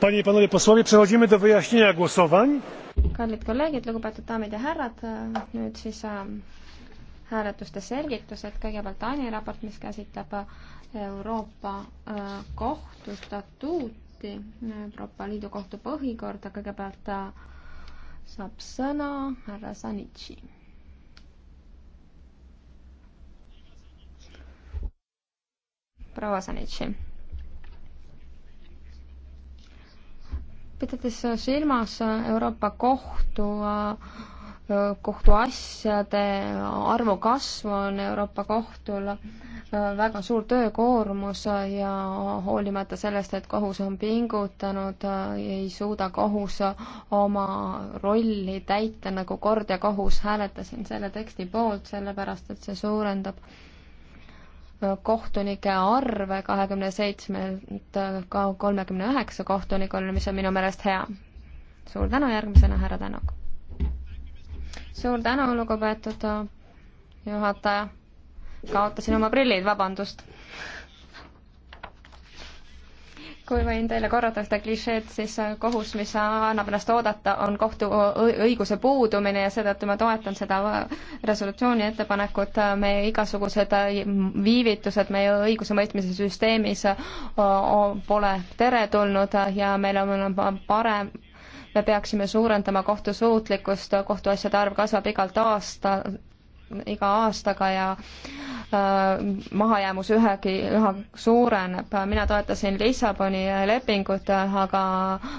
panie i panowie posłowie przechodzimy do wyjaśnienia głosowań. kallid kolleegid lugupeetud daamid ja härrad nüüd siis ähm, hääletuste selgitused kõigepealt Taani raport mis käsitleb äh, Euroopa äh, kohtu statuuti Euroopa Liidu kohtu põhikorda kõigepealt äh, saab sõna härra Sanitši. proua Sanitši pidades silmas Euroopa Kohtu kohtuasjade arvu kasvu on Euroopa Kohtul väga suur töökoormus ja hoolimata sellest, et kohus on pingutanud, ei suuda kohus oma rolli täita, nagu kord ja kohus hääletasin selle teksti poolt, sellepärast et see suurendab kohtunike arv kahekümne seitsmelt ka kolmekümne üheksa kohtunikul, mis on minu meelest hea. suur tänu, järgmisena härra Tänak. suur tänu, lugupeetud juhataja. kaotasin oma prillid, vabandust kui võin teile korrata ühte klišeed, siis äh, kohus, mis annab ennast oodata, on kohtu õiguse puudumine ja seetõttu ma toetan seda äh, resolutsiooni ettepanekut. meie igasugused äh, viivitused meie õigusemõistmise süsteemis pole teretulnud ja meil on parem me peaksime suurendama kohtusuutlikkust, kohtuasjade arv kasvab igalt aasta, iga aastaga ja Äh, mahajäämus ühegi, üha suureneb. mina toetasin Lissaboni lepingut, aga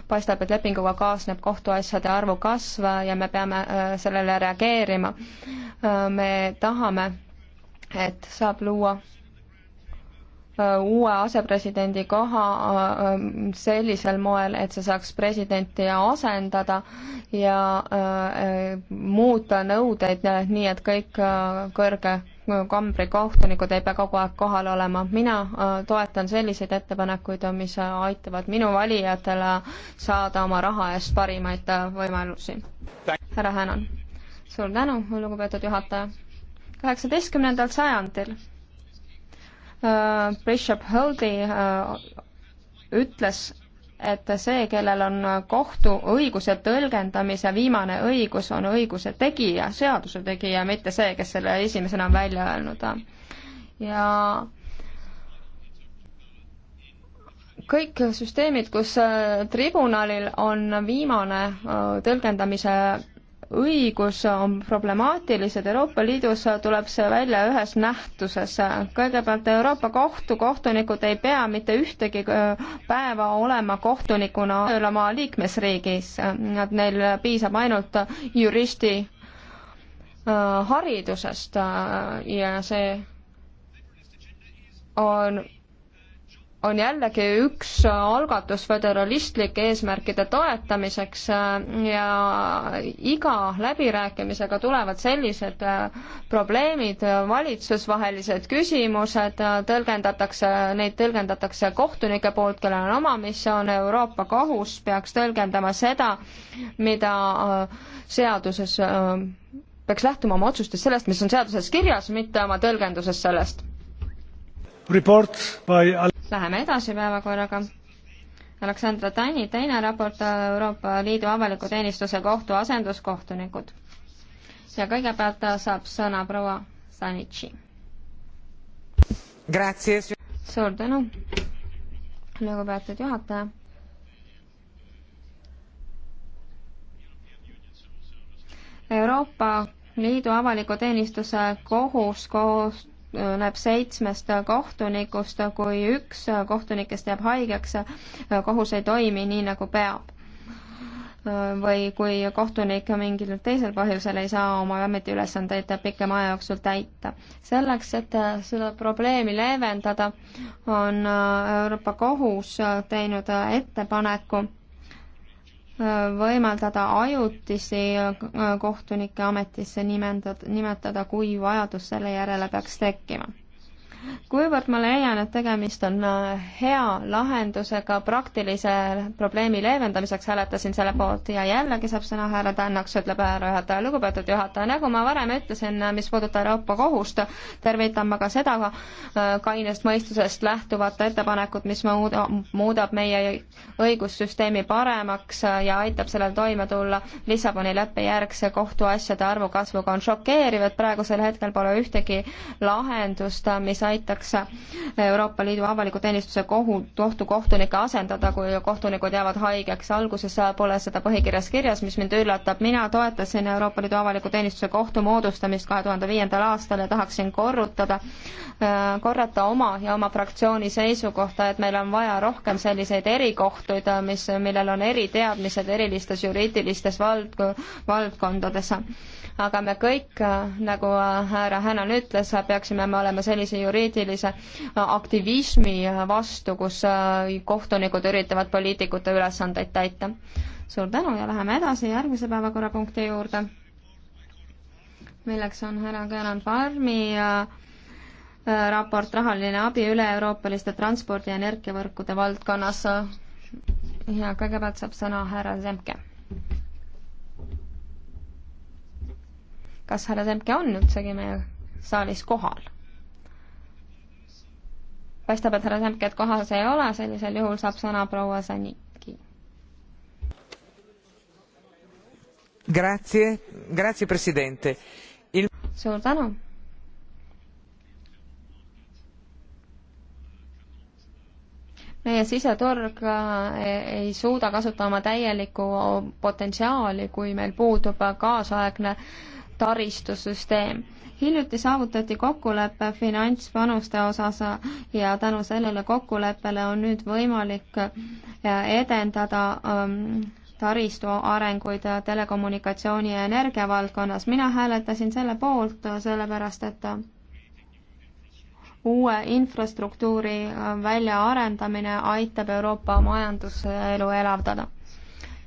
paistab, et lepinguga kaasneb kohtuasjade arvu kasv ja me peame äh, sellele reageerima. Äh, me tahame, et saab luua uue asepresidendi koha sellisel moel, et see saaks presidenti asendada ja muuta nõudeid nii, et kõik kõrge kambri kohtunikud ei pea kogu aeg kohal olema. mina äh, toetan selliseid ettepanekuid, mis aitavad minu valijatele saada oma raha eest parimaid äh, võimalusi. härra Hänan. suur tänu, lugupeetud juhataja. kaheksateistkümnendal sajandil äh, Bishop Holdi ütles, et see, kellel on kohtu õiguse tõlgendamise viimane õigus, on õiguse tegija, seaduse tegija, mitte see, kes selle esimesena on välja öelnud. ja kõik süsteemid, kus äh, tribunalil on viimane äh, tõlgendamise õigus on problemaatilised, Euroopa Liidus tuleb see välja ühes nähtuses. kõigepealt Euroopa Kohtu kohtunikud ei pea mitte ühtegi äh, päeva olema kohtunikuna tööl oma liikmesriigis, et neil piisab ainult juristi äh, haridusest äh, ja see on on jällegi üks algatus föderalistlike eesmärkide toetamiseks äh, ja iga läbirääkimisega tulevad sellised äh, probleemid, valitsusvahelised küsimused, äh, tõlgendatakse, neid tõlgendatakse kohtunike poolt, kellel on oma missioon, Euroopa Kohus peaks tõlgendama seda, mida seaduses, peaks lähtuma oma otsustest sellest, mis on seaduses kirjas, mitte oma tõlgenduses sellest report by Läheme edasi päevakorraga. Aleksandra Tani teine raport Euroopa Liidu avaliku teenistuse kohtu asenduskohtunikud. ja kõigepealt saab sõna proua Sanitši. suur tänu, lugupeetud juhataja Euroopa Liidu avaliku teenistuse kohus koos näeb seitsmest kohtunikust, kui üks kohtunikest jääb haigeks, kohus ei toimi nii, nagu peab. või kui kohtunik mingil teisel põhjusel ei saa oma ametiülesandeid pikema aja jooksul täita. selleks, et seda probleemi leevendada, on Euroopa Kohus teinud ettepaneku võimaldada ajutisi äh, kohtunike ametisse nimetada, nimetada, kui vajadus selle järele peaks tekkima kuivõrd ma leian, et tegemist on äh, hea lahendusega praktilise probleemi leevendamiseks, hääletasin selle poolt ja jällegi saab sõna härra Tännaks, ütleb härra juhataja. lugupeetud juhataja, nagu ma varem ütlesin, äh, mis puudutab Euroopa Kohust, tervitan ma ka seda äh, kainest mõistusest lähtuvat ettepanekut, mis muuda, muudab meie õigussüsteemi paremaks ja aitab sellel toime tulla. Lissaboni leppe järgse kohtuasjade arvu kasvuga on šokeeriv, et praegusel hetkel pole ühtegi lahendust, mis aitaks Euroopa Liidu avaliku teenistuse kohu, kohtu kohtunikke asendada, kui kohtunikud jäävad haigeks. alguses pole seda põhikirjas kirjas, mis mind üllatab. mina toetasin Euroopa Liidu avaliku teenistuse kohtu moodustamist kahe tuhande viiendal aastal ja tahaksin korrutada, korrata oma ja oma fraktsiooni seisukohta, et meil on vaja rohkem selliseid erikohtuid, mis, millel on eriteadmised erilistes juriidilistes vald, valdkondades. aga me kõik, nagu härra Hänan ütles, peaksime me olema sellise juriidilise juriidilise aktivismi vastu, kus äh, kohtunikud üritavad poliitikute ülesandeid täita. suur tänu ja läheme edasi järgmise päevakorrapunkti juurde, milleks on härra Gerard Farmi äh, äh, raport Rahaline abi üle-euroopaliste transpordi- ja energiavõrkude valdkonnas. ja kõigepealt saab sõna härra Zemke kas härra Semke on üldsegi meie saalis kohal? paistab, et härra Sämpket kohas ei ole, sellisel juhul saab sõna proua Saniki. Grazie, grazie presidente Il.... suur tänu. meie siseturg äh, ei suuda kasutada oma täielikku potentsiaali, kui meil puudub kaasaegne äh, taristusüsteem. hiljuti saavutati kokkulepe finantspanuste osas ja tänu sellele kokkuleppele on nüüd võimalik äh, edendada ähm, taristu arenguid telekommunikatsiooni ja energia valdkonnas. mina hääletasin selle poolt, äh, sellepärast et äh, uue infrastruktuuri väljaarendamine aitab Euroopa majanduselu elavdada.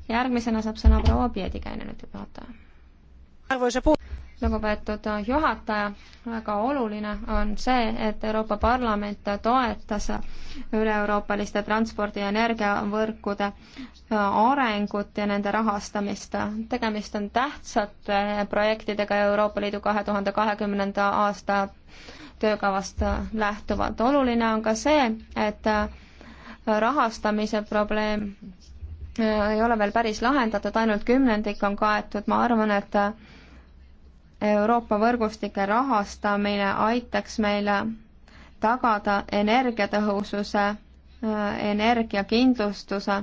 järgmisena saab sõna proua Piedikäine, nüüd juhataja lugupeetud juhataja, väga oluline on see, et Euroopa Parlament toetas üle-euroopaliste transpordi- ja energiavõrkude arengut ja nende rahastamist. tegemist on tähtsate projektidega Euroopa Liidu kahe tuhande kahekümnenda aasta töökavast lähtuvalt. oluline on ka see, et rahastamise probleem ei ole veel päris lahendatud, ainult kümnendik on kaetud, ma arvan, et Euroopa võrgustike rahastamine aitaks meile tagada energiatõhususe, energiakindlustuse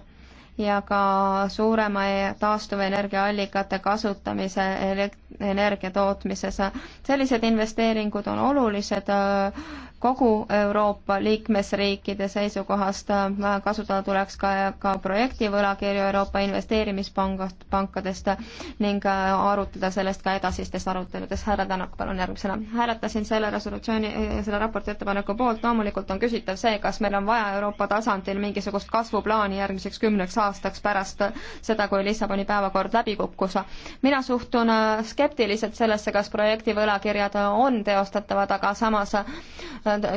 ja ka suurema e-, taastuvenergiaallikate kasutamise energia tootmises. sellised investeeringud on olulised kogu Euroopa liikmesriikide seisukohast kasutada tuleks ka, ka projektivõlakirju Euroopa Investeerimispangast, pankadest ning äh, arutada sellest ka edasistes aruteludes. härra Tänak, palun järgmisena. hääletasin selle resolutsiooni, äh, selle raporti ettepaneku poolt, loomulikult on küsitav see, kas meil on vaja Euroopa tasandil mingisugust kasvuplaani järgmiseks kümneks aastaks pärast seda, kui Lissaboni päevakord läbi kukkus. mina suhtun äh, skeptiliselt sellesse, kas projektivõlakirjad on teostatavad, aga samas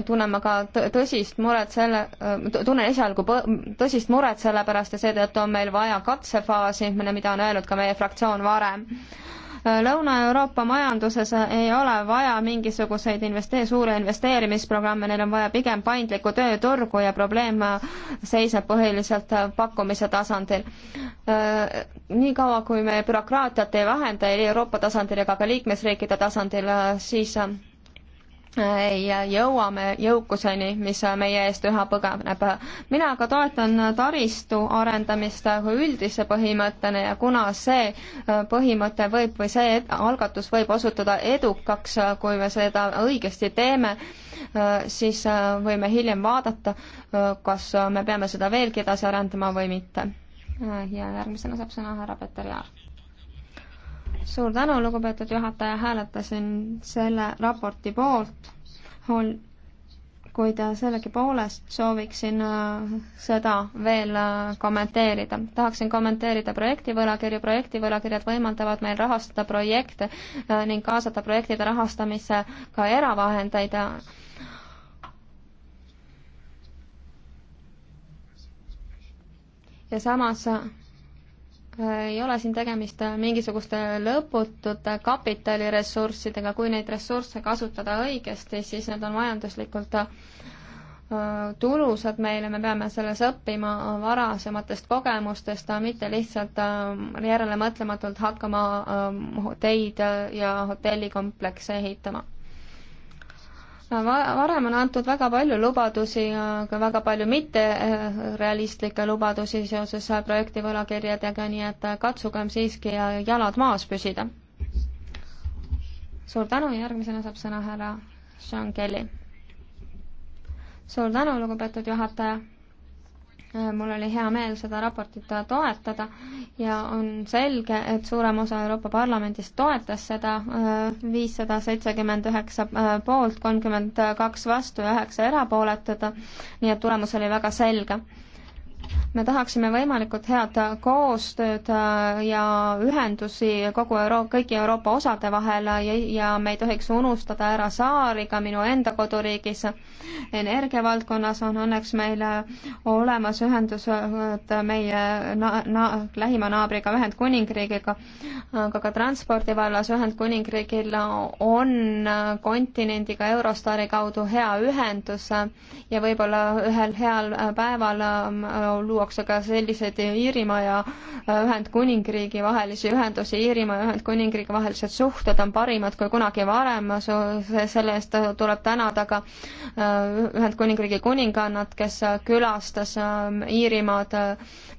tunnen ma ka tõsist muret selle, tunnen esialgu tõsist muret selle pärast ja seetõttu on meil vaja katsefaasi, mida on öelnud ka meie fraktsioon varem. Lõuna-Euroopa majanduses ei ole vaja mingisuguseid investee-, suuri investeerimisprogramme, neil on vaja pigem paindlikku tööturgu ja probleem seisneb põhiliselt pakkumise tasandil. Äh, Niikaua, kui me bürokraatiat ei vähenda ei Euroopa tasandil ega ka liikmesriikide tasandil, äh, siis äh, ja jõuame jõukuseni, mis meie eest üha põgeneb. mina aga toetan taristu arendamist kui üldise põhimõttena ja kuna see äh, põhimõte võib või see algatus võib osutuda edukaks, äh, kui me seda õigesti teeme, äh, siis võime hiljem vaadata, kas me peame seda veelgi edasi arendama või mitte. ja järgmisena saab sõna härra Peeter Jaar suur tänu, lugupeetud juhataja, hääletasin selle raporti poolt, kuid sellegipoolest sooviksin äh, seda veel äh, kommenteerida. tahaksin kommenteerida projektivõlakirju, projektivõlakirjad võimaldavad meil rahastada projekte äh, ning kaasata projektide rahastamisse ka eravahendeid ja samas ei ole siin tegemist mingisuguste lõputute kapitaliressurssidega, kui neid ressursse kasutada õigesti, siis need on majanduslikult äh, tulusad meile, me peame selles õppima varasematest kogemustest, äh, mitte lihtsalt äh, järelemõtlematult hakkama teid ja hotellikomplekse ehitama varem on antud väga palju lubadusi, aga väga palju mitterealistlikke eh, lubadusi seoses eh, projekti võlakirjadega, nii et eh, katsugem siiski jalad maas püsida. suur tänu, järgmisena saab sõna härra Sean Kelly. suur tänu, lugupeetud juhataja Äh, mul oli hea meel seda raportit äh, toetada ja on selge, et suurem osa Euroopa Parlamendist toetas seda, äh, viissada seitsekümmend üheksa poolt, kolmkümmend kaks vastu ja üheksa erapooletut, nii et tulemus oli väga selge me tahaksime võimalikult head koostööd äh, ja ühendusi kogu Euro-, kõigi Euroopa osade vahel ja, ja me ei tohiks unustada ära saari ka minu enda koduriigis. energiavaldkonnas on õnneks meil äh, olemas ühendused meie na-, na-, lähima naabriga Ühendkuningriigiga, aga ka transpordi vallas Ühendkuningriigil on kontinendiga Eurostari kaudu hea ühendus ja võib-olla ühel heal päeval äh, luuakse ka selliseid Iirimaa ja äh, Ühendkuningriigi vahelisi ühendusi, Iirimaa ja Ühendkuningriigi vahelised suhted on parimad kui kunagi varem, selle eest tuleb tänada ka äh, Ühendkuningriigi kuningannat, kes äh, külastas ähm, Iirimaad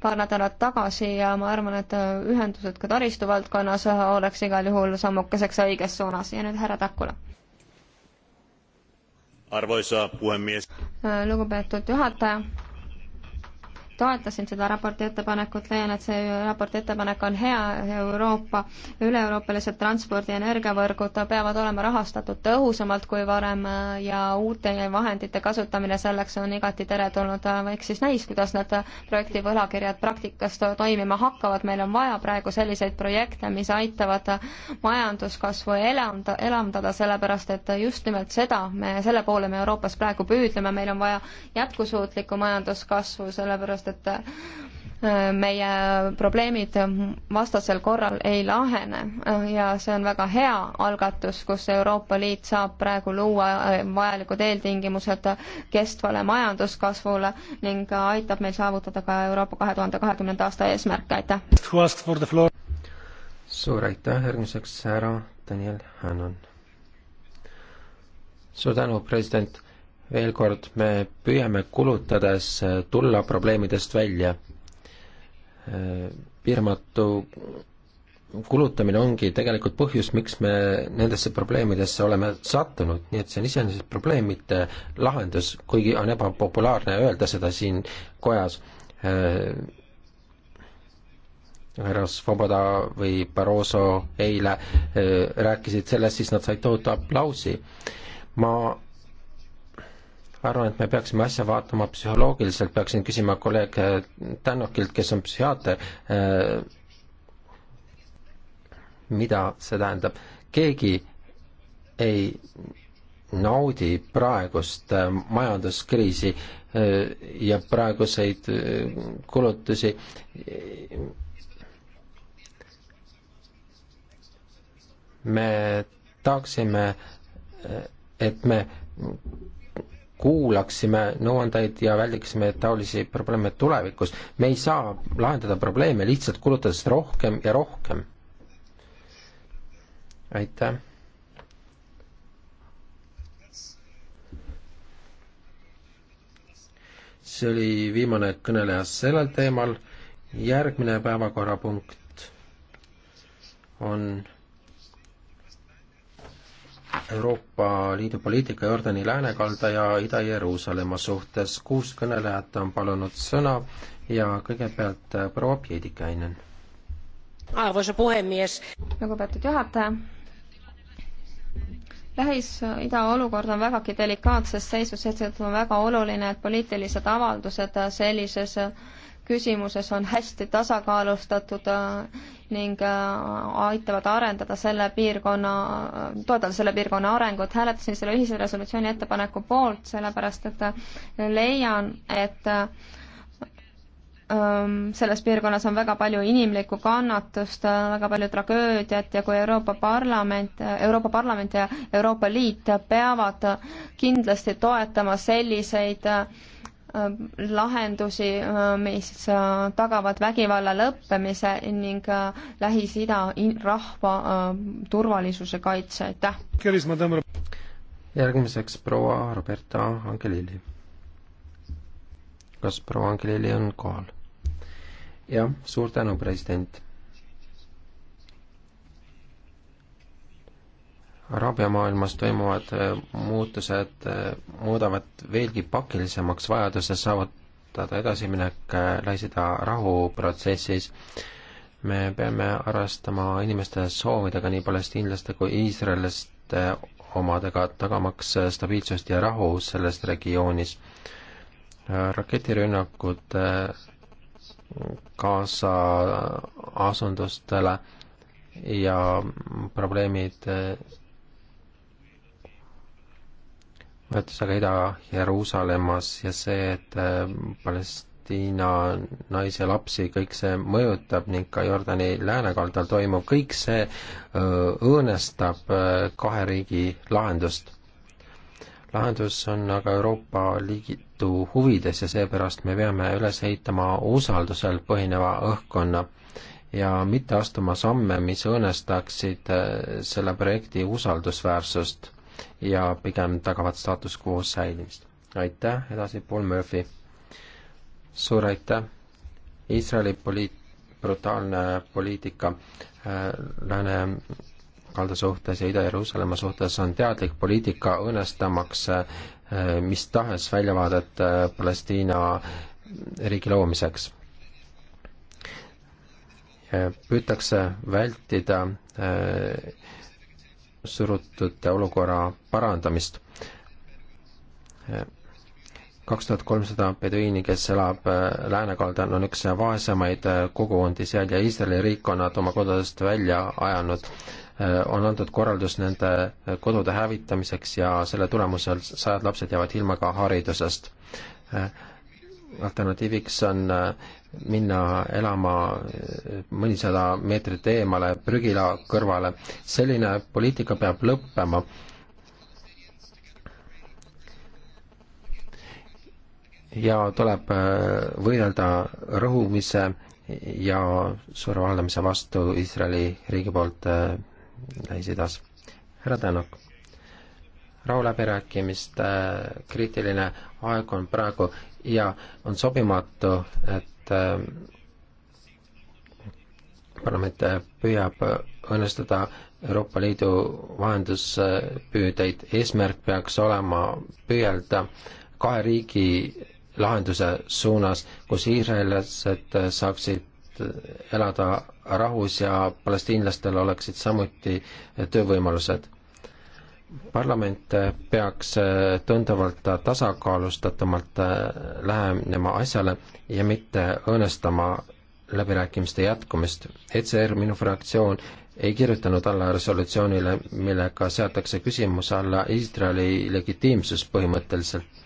paar nädalat tagasi ja ma arvan, et ühendused ka taristu valdkonnas oleks igal juhul sammukeseks õiges suunas ja nüüd härra Takula arvoisa puhemies lugupeetud juhataja toetasin seda raporti ettepanekut, leian, et see raporti ettepanek on hea, Euroopa, üle-euroopalised transpordi- ja energiavõrgud peavad olema rahastatud tõhusamalt kui varem ja uute vahendite kasutamine selleks on igati teretulnud, eks siis näis, kuidas need projekti võlakirjad praktikas toimima hakkavad, meil on vaja praegu selliseid projekte, mis aitavad majanduskasvu elavda, elavdada, sellepärast et just nimelt seda me, selle poole me Euroopas praegu püüdleme, meil on vaja jätkusuutlikku majanduskasvu, sellepärast sellepärast et äh, meie probleemid vastasel korral ei lahene äh, ja see on väga hea algatus, kus Euroopa Liit saab praegu luua äh, vajalikud eeltingimused kestvale majanduskasvule ning aitab meil saavutada ka Euroopa kahe tuhande kahekümnenda aasta eesmärke, aitäh! suur aitäh, järgmiseks härra Daniel Hannon. suur tänu, president veel kord, me püüame kulutades tulla probleemidest välja. Äh, piiramatu kulutamine ongi tegelikult põhjus, miks me nendesse probleemidesse oleme sattunud, nii et see on iseenesest probleem, mitte lahendus, kuigi on ebapopulaarne öelda seda siin kojas. Äh, härra Svoboda või Barroso eile äh, rääkisid sellest, siis nad said tohutu aplausi. ma ma arvan, et me peaksime asja vaatama psühholoogiliselt, peaksin küsima kolleeg äh, Tänokilt, kes on psühhiaater, äh, mida see tähendab. keegi ei naudi praegust äh, majanduskriisi ja praeguseid kulutusi me tahaksime, et me kuulaksime nõuandeid ja väldiksime taolisi probleeme tulevikus. me ei saa lahendada probleeme lihtsalt kulutades rohkem ja rohkem. aitäh. see oli viimane kõneleja sellel teemal. järgmine päevakorrapunkt on Euroopa Liidu poliitika Jordani läänekalda ja Ida-Jeruusalemma suhtes. kuus kõnelejat on palunud sõna ja kõigepealt proua Piedikainen. arvoisa puhemies. lugupeetud juhataja. Lähis-Ida olukord on vägagi delikaatses seisus, seetõttu on väga oluline, et poliitilised avaldused sellises küsimuses on hästi tasakaalustatud äh, ning äh, aitavad arendada selle piirkonna, äh, toetada selle piirkonna arengut. hääletasin selle ühise resolutsiooni ettepaneku poolt, sellepärast et leian, et ähm, selles piirkonnas on väga palju inimlikku kannatust, väga palju tragöödiat ja kui Euroopa Parlament, Euroopa Parlament ja Euroopa Liit peavad kindlasti toetama selliseid äh, lahendusi, mis äh, tagavad vägivalla lõppemise ning äh, Lähis-Ida rahva äh, turvalisuse kaitse, aitäh! järgmiseks proua Roberta Angelilli. kas proua Angelilli on kohal? jah, suur tänu, president araabiamaailmas toimuvad äh, muutused äh, muudavad veelgi pakilisemaks vajaduse saavutada edasiminek äh, Lähis-Ida rahuprotsessis. me peame arvestama inimeste soovidega, nii palestiinlaste kui iisraellaste omadega, tagamaks stabiilsust ja rahu selles regioonis. raketirünnakud Gaza asundustele ja probleemid võetakse aga Ida-Jeruusalemmas ja see, et äh, Palestiina naisi ja lapsi, kõik see mõjutab ning ka Jordani läänekaldal toimuv, kõik see äh, õõnestab äh, kahe riigi lahendust. lahendus on aga Euroopa Liidu huvides ja seepärast me peame üles ehitama usaldusel põhineva õhkkonna ja mitte astuma samme, mis õõnestaksid selle projekti usaldusväärsust ja pigem tagavad staatus quo säilimist. aitäh, edasi Paul Murphy. suur aitäh. Iisraeli poliit-, brutaalne poliitika äh, Lääne kalda suhtes ja Ida-Jeruusalemma suhtes on teadlik poliitika õõnestamaks äh, mis tahes väljavaadet äh, Palestiina riigi loomiseks. Äh, püütakse vältida äh, surutud olukorra parandamist. kaks tuhat kolmsada peduiini, kes elab äh, läänekaldal, on üks vaesemaid äh, kogukondi seal ja Iisraeli riik on nad oma kodudest välja ajanud. Äh, on antud korraldus nende kodude hävitamiseks ja selle tulemusel sajad lapsed jäävad ilma ka haridusest alternatiiviks on äh, minna elama äh, mõnisada meetrit eemale prügila kõrvale. selline poliitika peab lõppema. ja tuleb äh, võidelda rõhumise ja surve avaldamise vastu Iisraeli riigi poolt Lähis-Idas. härra Tänak rahuläbirääkimiste kriitiline aeg on praegu ja on sobimatu, et äh, parlament püüab õnnestuda Euroopa Liidu vahenduspüüdeid, eesmärk peaks olema püüelda kahe riigi lahenduse suunas, kus iisraellased saaksid elada rahus ja palestiinlastel oleksid samuti töövõimalused parlament peaks äh, tunduvalt tasakaalustatumalt äh, lähenema asjale ja mitte õõnestama läbirääkimiste jätkumist. ECR, minu fraktsioon, ei kirjutanud alla resolutsioonile, millega seatakse küsimuse alla Iisraeli legitiimsus põhimõtteliselt.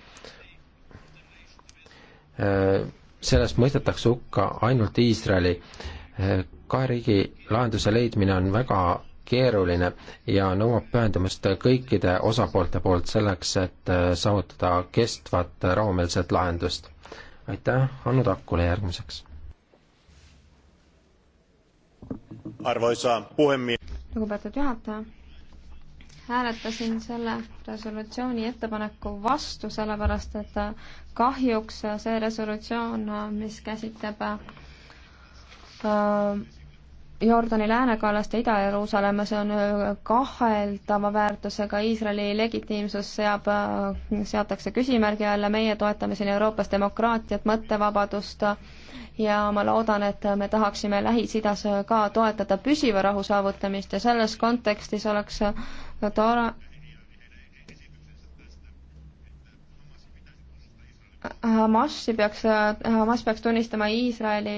Äh, Selles mõistetakse hukka ainult Iisraeli. kahe riigi lahenduse leidmine on väga keeruline ja nõuab pühendumust kõikide osapoolte poolt selleks, et äh, saavutada kestvat äh, rahumeelset lahendust. aitäh, Hanno Takule järgmiseks. arvoisa puhemies. lugupeetud juhataja, hääletasin selle resolutsiooni ettepaneku vastu, sellepärast et äh, kahjuks see resolutsioon, mis käsitleb äh, Jordani läänekallast ja Ida-Jeruusalemmas on äh, kaheldava väärtusega, Iisraeli legitiimsus seab, äh, seatakse küsimärgi alla, meie toetame siin Euroopas demokraatiat, mõttevabadust äh, ja ma loodan, et me tahaksime Lähis-Idas ka toetada püsiva rahu saavutamist ja selles kontekstis oleks tore Hamasi peaks, Hamas peaks tunnistama Iisraeli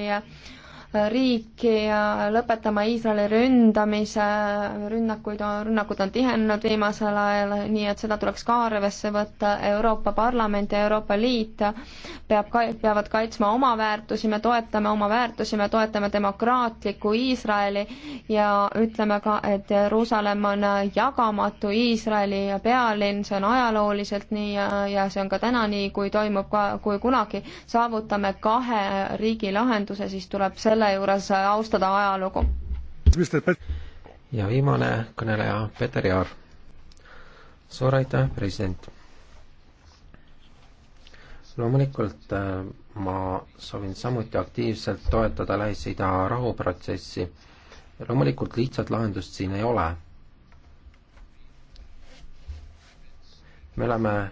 riiki ja lõpetama Iisraeli ründamise, rünnakuid, rünnakud on tihenenud viimasel ajal, nii et seda tuleks ka arvesse võtta, Euroopa Parlament ja Euroopa Liit peab, peavad kaitsma oma väärtusi, me toetame oma väärtusi, me toetame demokraatlikku Iisraeli ja ütleme ka, et Jeruusalemm on jagamatu Iisraeli pealinn, see on ajalooliselt nii ja, ja see on ka täna nii, kui toimub ka, kui kunagi saavutame kahe riigi lahenduse, siis tuleb selle selle juures austada ajalugu. ja viimane kõneleja, Peeter Jaar. suur aitäh, president! loomulikult äh, ma soovin samuti aktiivselt toetada Lähis-Ida rahuprotsessi. loomulikult lihtsat lahendust siin ei ole. me oleme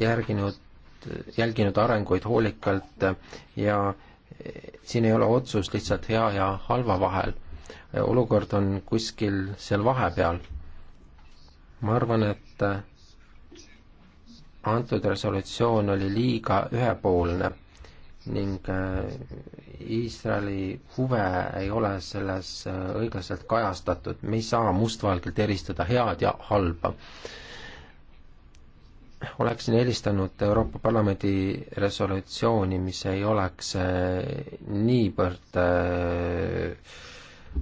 järginud, jälginud arenguid hoolikalt ja siin ei ole otsust lihtsalt hea ja halva vahel. olukord on kuskil seal vahepeal. ma arvan, et antud resolutsioon oli liiga ühepoolne ning äh, Iisraeli huve ei ole selles äh, õiglaselt kajastatud, me ei saa mustvalgelt eristada head ja halba oleksin eelistanud Euroopa Parlamendi resolutsiooni, mis ei oleks eh, niivõrd eh,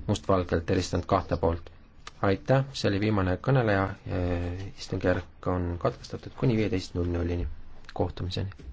mustvalgelt eristanud kahte poolt. aitäh, see oli viimane kõneleja, eh, istungjärk on katkestatud kuni viieteist null nullini, kohtumiseni!